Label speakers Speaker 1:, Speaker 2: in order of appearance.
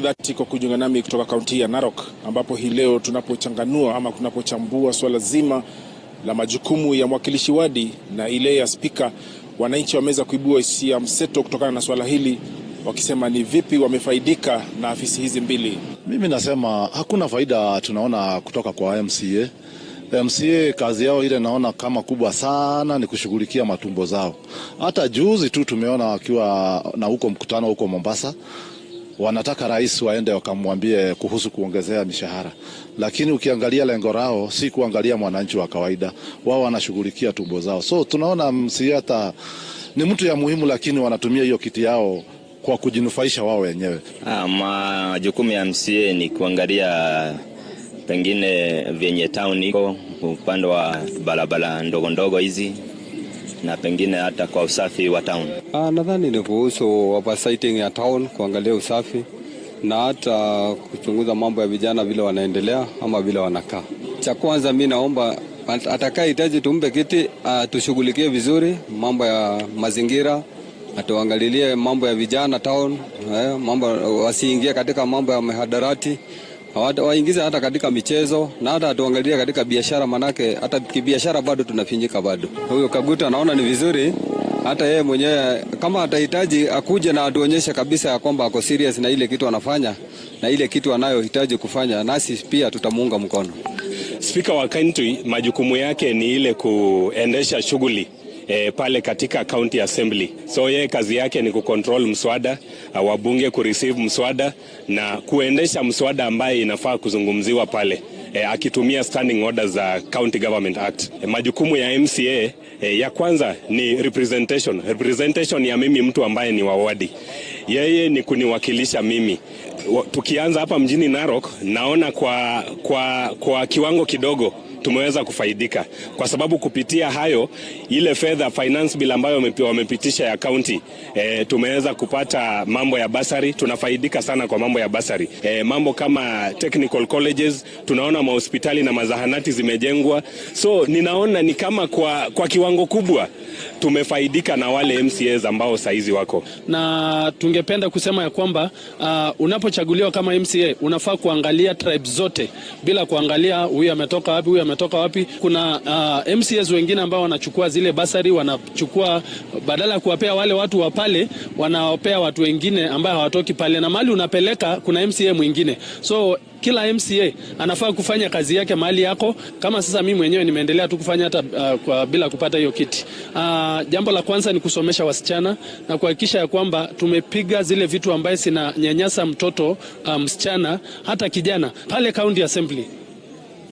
Speaker 1: dhati kwa kujiunga nami kutoka kaunti ya Narok, ambapo hii leo tunapochanganua ama tunapochambua swala zima la majukumu ya mwakilishi wadi na ile ya spika, wananchi wameweza kuibua hisia mseto kutokana na swala hili, wakisema ni vipi wamefaidika na afisi hizi mbili.
Speaker 2: Mimi nasema hakuna faida tunaona kutoka kwa MCA. MCA kazi yao ile naona kama kubwa sana ni kushughulikia matumbo zao. Hata juzi tu tumeona wakiwa na huko mkutano huko Mombasa wanataka rais waende wakamwambie kuhusu kuongezea mishahara, lakini ukiangalia lengo lao si kuangalia mwananchi wa kawaida, wao wanashughulikia tumbo zao. So tunaona Msiata ni mtu ya muhimu, lakini wanatumia hiyo kiti yao kwa kujinufaisha wao wenyewe.
Speaker 3: Ah, majukumu ya MCA ni kuangalia pengine vyenye town iko upande wa barabara ndogo ndogo hizi na pengine hata kwa usafi wa town.
Speaker 4: Ah, nadhani ni kuhusu oversighting ya town, kuangalia usafi na hata kuchunguza mambo ya vijana vile wanaendelea ama vile wanakaa. Cha kwanza mi naomba atakayehitaji tumpe kiti atushughulikie vizuri mambo ya mazingira, atuangalilie mambo ya vijana town, eh, mambo wasiingie katika mambo ya mihadarati waingize hata katika michezo na hata tuangalie katika biashara, manake hata kibiashara bado tunafinyika bado. Huyo Kaguta naona ni vizuri hata yeye mwenyewe kama atahitaji akuje na atuonyeshe kabisa ya kwamba ako serious na ile kitu anafanya na ile kitu anayohitaji kufanya, nasi pia tutamuunga mkono.
Speaker 5: Spika wa kaunti majukumu yake ni ile kuendesha shughuli e, pale katika county assembly. So yeye kazi yake ni kucontrol mswada, eh, wabunge kureceive mswada na kuendesha mswada ambaye inafaa kuzungumziwa pale. E, akitumia standing orders za County Government Act. E, majukumu ya MCA e, ya kwanza ni representation. Representation ya mimi mtu ambaye ni wawadi, yeye ni kuniwakilisha mimi. Tukianza hapa mjini Narok, naona kwa, kwa, kwa kiwango kidogo tumeweza kufaidika, kwa sababu kupitia hayo ile fedha finance bill ambayo wamepitisha ya kaunti e, eh, tumeweza kupata mambo ya basari. Tunafaidika sana kwa mambo ya basari e, eh, mambo kama technical colleges, tunaona mahospitali na mazahanati zimejengwa, so ninaona ni kama kwa, kwa kiwango kubwa tumefaidika na wale MCAs ambao saizi wako,
Speaker 6: na tungependa kusema ya kwamba uh, unapochaguliwa kama MCA unafaa kuangalia tribes zote bila kuangalia huyu ametoka wapi, huyu wametoka wapi. Kuna uh, MCS wengine ambao wanachukua zile basari, wanachukua badala ya kuwapea wale watu wa pale, wanawapea watu wengine ambao hawatoki pale, na mali unapeleka, kuna MCA mwingine so kila MCA anafaa kufanya kazi yake mahali yako. Kama sasa mimi mwenyewe nimeendelea tu kufanya hata uh, kwa, bila kupata hiyo kiti uh, jambo la kwanza ni kusomesha wasichana na kuhakikisha ya kwamba tumepiga zile vitu ambaye sina nyanyasa mtoto uh, msichana um, hata kijana pale county assembly.